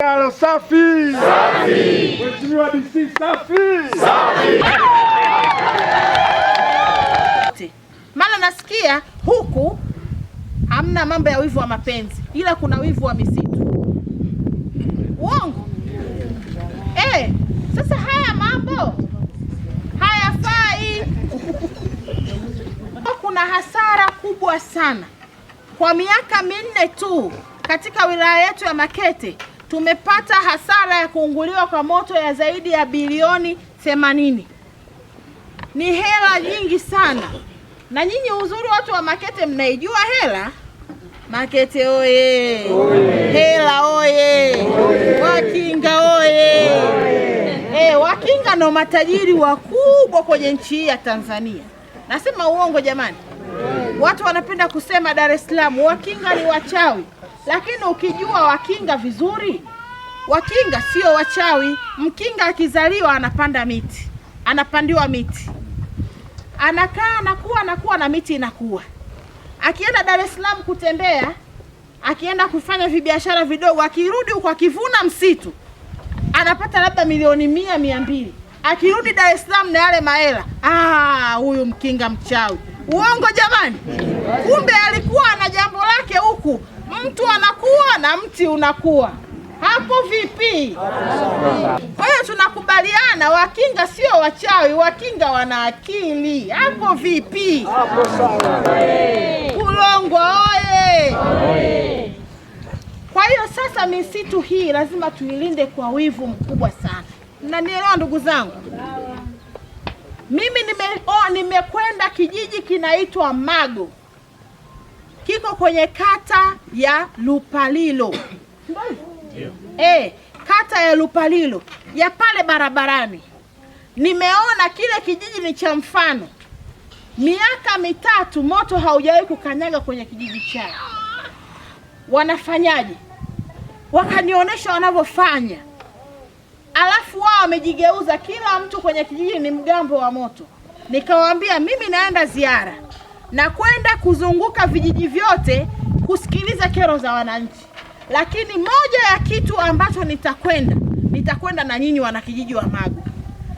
Safi. Safi. Mheshimiwa DC safi. Safi. Maana nasikia huku hamna mambo ya wivu wa mapenzi ila kuna wivu wa misitu. Uongo? Eh, sasa haya mambo hayafai. Kuna hasara kubwa sana kwa miaka minne tu katika wilaya yetu ya Makete tumepata hasara ya kuunguliwa kwa moto ya zaidi ya bilioni 80. Ni hela nyingi sana, na nyinyi uzuri watu wa Makete mnaijua hela. Makete oye! oye. hela oye! oye. Wakinga oye! oye. E, Wakinga ndo matajiri wakubwa kwenye nchi hii ya Tanzania. Nasema uongo jamani? Watu wanapenda kusema Dar es Salaam Wakinga ni wachawi lakini ukijua Wakinga vizuri, Wakinga sio wachawi. Mkinga akizaliwa anapanda miti, anapandiwa miti, anakaa anakuwa anakuwa na miti inakuwa. Akienda Dar es Salaam kutembea, akienda kufanya vibiashara vidogo, akirudi huko akivuna msitu anapata labda milioni mia mia mbili akirudi Dar es Salaam na yale mahela. Ah, huyu Mkinga mchawi. Uongo jamani! Kumbe alikuwa ana jambo lake huku mtu anakuwa na mti unakuwa hapo vipi? Kwa hiyo tunakubaliana, Wakinga sio wachawi, Wakinga wana akili. Hapo vipi? Hapo sawa. Kulongwa oye! Kwa hiyo sasa misitu hii lazima tuilinde kwa wivu mkubwa sana. nanielewa ndugu zangu? Mimi oh, nimekwenda oh, nime kijiji kinaitwa Mago kiko kwenye kata ya Lupalilo e, kata ya Lupalilo ya pale barabarani. Nimeona kile kijiji ni cha mfano, miaka mitatu moto haujawahi kukanyaga kwenye kijiji chao. Wanafanyaje? Wakanionyesha wanavyofanya, alafu wao wamejigeuza, kila mtu kwenye kijiji ni mgambo wa moto. Nikawaambia mimi naenda ziara na kwenda kuzunguka vijiji vyote kusikiliza kero za wananchi, lakini moja ya kitu ambacho nitakwenda nitakwenda na nyinyi wanakijiji wa Magu,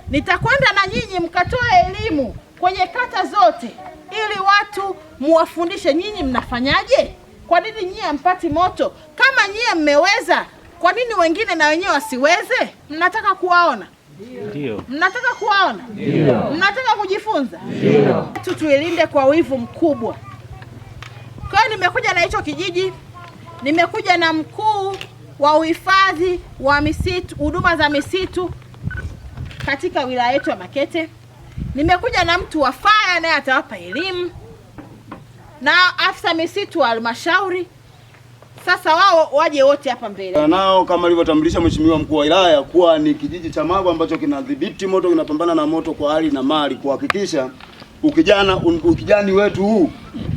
nitakwenda na nyinyi mkatoe elimu kwenye kata zote, ili watu muwafundishe nyinyi mnafanyaje. Kwa nini nyinyi hampati moto? Kama nyinyi mmeweza, kwa nini wengine na wenyewe wasiweze? Mnataka kuwaona ndio. Mnataka kuwaona? Ndio. Mnataka kujifunza? Ndio. Tu tuilinde kwa wivu mkubwa. Kwa hiyo nimekuja na hicho kijiji, nimekuja na mkuu wa uhifadhi wa misitu, huduma za misitu katika wilaya yetu ya Makete. Nimekuja na mtu wa faya naye atawapa elimu na afisa misitu wa halmashauri sasa wao waje wote hapa mbele nao, kama alivyotambulisha mheshimiwa mkuu wa wilaya kuwa ni kijiji cha mago ambacho kinadhibiti moto, kinapambana na moto kwa hali na mali, kuhakikisha ukijana ukijani wetu huu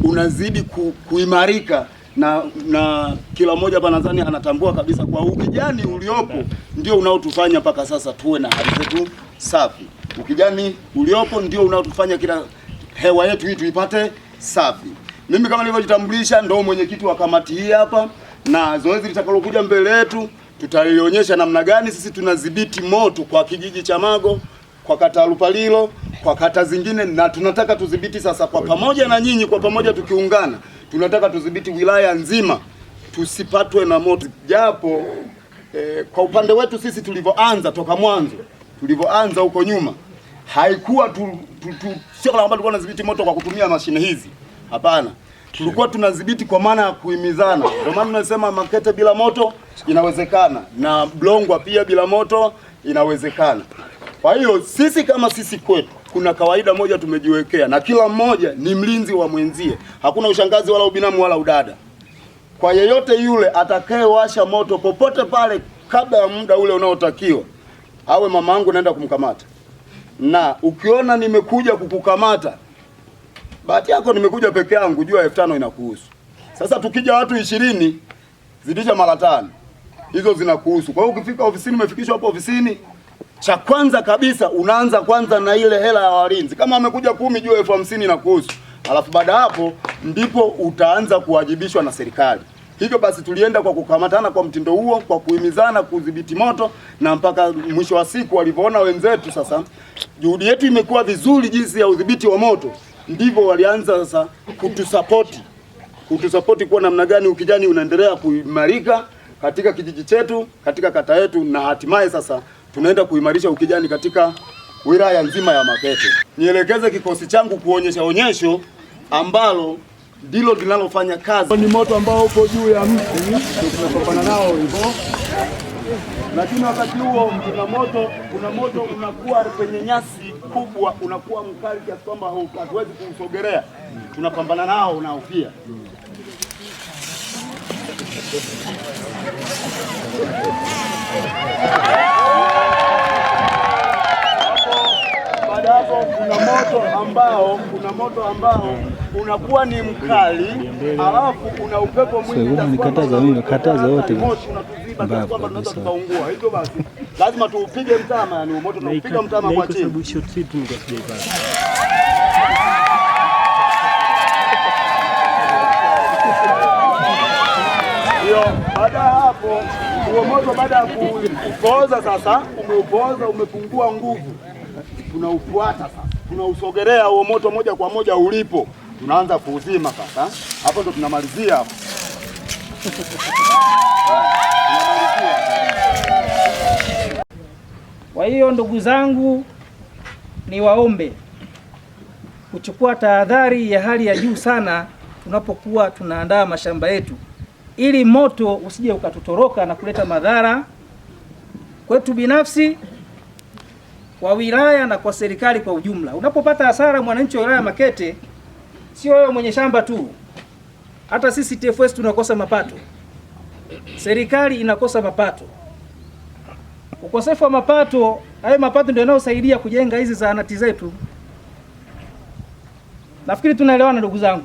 unazidi ku, kuimarika na na kila mmoja hapa nadhani anatambua kabisa kwa ukijani uliopo ndio unaotufanya mpaka sasa tuwe na hali zetu safi. Ukijani uliopo ndio unaotufanya kila hewa yetu hii tuipate safi. Mimi kama nilivyojitambulisha, ndo mwenyekiti wa kamati hii hapa, na zoezi litakalokuja mbele yetu tutaionyesha namna gani sisi tunadhibiti moto kwa kijiji cha Mago, kwa kata Lupalilo, kwa kata zingine, na tunataka tudhibiti sasa kwa pamoja na nyinyi, kwa pamoja tukiungana, tunataka tudhibiti wilaya nzima tusipatwe na moto, japo eh, kwa upande wetu sisi tulivyoanza toka mwanzo, tulivyoanza huko nyuma haikuwa tu, tu, tu sio kwamba tulikuwa tunadhibiti moto kwa kutumia mashine hizi. Hapana, tulikuwa tunadhibiti kwa maana ya kuhimizana. Ndio maana tunasema Makete bila moto inawezekana na Blongwa pia bila moto inawezekana. Kwa hiyo sisi kama sisi kwetu kuna kawaida moja tumejiwekea, na kila mmoja ni mlinzi wa mwenzie. Hakuna ushangazi wala ubinamu wala udada. Kwa yeyote yule atakayewasha moto popote pale kabla ya muda ule unaotakiwa, awe mamangu, naenda kumkamata, na ukiona nimekuja kukukamata bahati yako nimekuja peke yangu, jua elfu tano inakuhusu. Sasa tukija watu ishirini zidisha mara tano, hizo zinakuhusu. Kwa hiyo ukifika ofisini, umefikishwa hapo ofisini, cha kwanza kabisa unaanza kwanza na ile hela ya walinzi. Kama amekuja kumi, jua elfu hamsini inakuhusu, alafu baada hapo ndipo utaanza kuwajibishwa na serikali. Hivyo basi tulienda kwa kukamatana kwa mtindo huo, kwa kuhimizana kudhibiti moto, na mpaka mwisho wa siku walivyoona wenzetu, sasa juhudi yetu imekuwa vizuri jinsi ya udhibiti wa moto ndivyo walianza sasa kutusapoti kutusapoti kuwa namna gani ukijani unaendelea kuimarika katika kijiji chetu, katika kata yetu, na hatimaye sasa tunaenda kuimarisha ukijani katika wilaya nzima ya Makete. Nielekeze kikosi changu kuonyesha onyesho ambalo ndilo linalofanya kazi. Ni moto ambao uko juu ya mti tunapambana nao hivyo lakini wakati huo kuna moto, kuna moto unakuwa kwenye nyasi kubwa, unakuwa mkali kiasi kwamba hatuwezi kuusogelea, tunapambana nao unaofia kuna moto ambao kuna moto ambao unakuwa ni mkali, alafu una upepo mwingi. Kataza wote basi kwamba Hivyo basi lazima tuupige mtama, yani moto tunaupiga mtama kwa chini. baada ya hapo, huo moto baada ya kuupoza sasa, umeupoza umepungua nguvu, tunaufuata sasa, tunausogelea huo moto moja kwa moja ulipo, tunaanza kuuzima sasa. Hapo ndo tunamalizia hapo. Kwa hiyo ndugu zangu, niwaombe kuchukua tahadhari ya hali ya juu sana tunapokuwa tunaandaa mashamba yetu ili moto usije ukatutoroka na kuleta madhara kwetu binafsi, kwa wilaya na kwa serikali kwa ujumla. Unapopata hasara mwananchi wa wilaya Makete, sio wewe mwenye shamba tu, hata sisi TFS tunakosa mapato, serikali inakosa mapato. Ukosefu wa mapato, hayo mapato ndio yanayosaidia kujenga hizi zahanati zetu. Nafikiri tunaelewana ndugu zangu.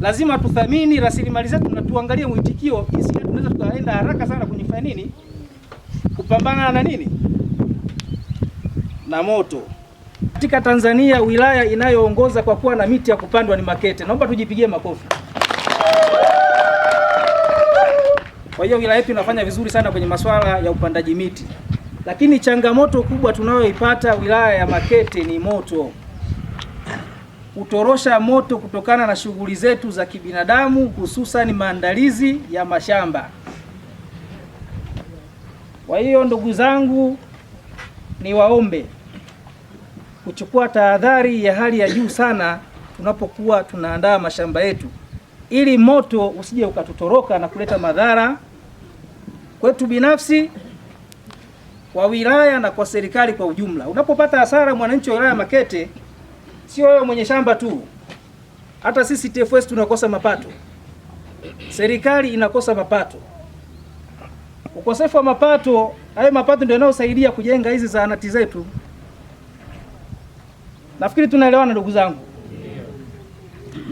Lazima tuthamini rasilimali zetu na tuangalie mwitikio, jinsi tunaweza tukaenda haraka sana kunifanya nini, kupambana na nini na moto. Katika Tanzania wilaya inayoongoza kwa kuwa na miti ya kupandwa ni Makete. Naomba tujipigie makofi. Kwa hiyo wilaya yetu inafanya vizuri sana kwenye masuala ya upandaji miti, lakini changamoto kubwa tunayoipata wilaya ya Makete ni moto, kutorosha moto kutokana na shughuli zetu za kibinadamu, hususan maandalizi ya mashamba. Kwa hiyo ndugu zangu, niwaombe kuchukua tahadhari ya hali ya juu sana tunapokuwa tunaandaa mashamba yetu ili moto usije ukatutoroka na kuleta madhara kwetu binafsi, kwa wilaya na kwa serikali kwa ujumla. Unapopata hasara mwananchi wa wilaya Makete, sio wewe mwenye shamba tu, hata sisi TFS tunakosa mapato, serikali inakosa mapato. Ukosefu wa mapato, hayo mapato ndio yanayosaidia kujenga hizi zahanati zetu. Nafikiri tunaelewana ndugu zangu.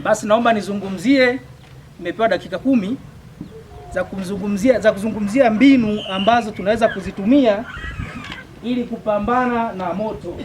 Basi naomba nizungumzie, nimepewa dakika kumi za kumzungumzia, za kuzungumzia mbinu ambazo tunaweza kuzitumia ili kupambana na moto.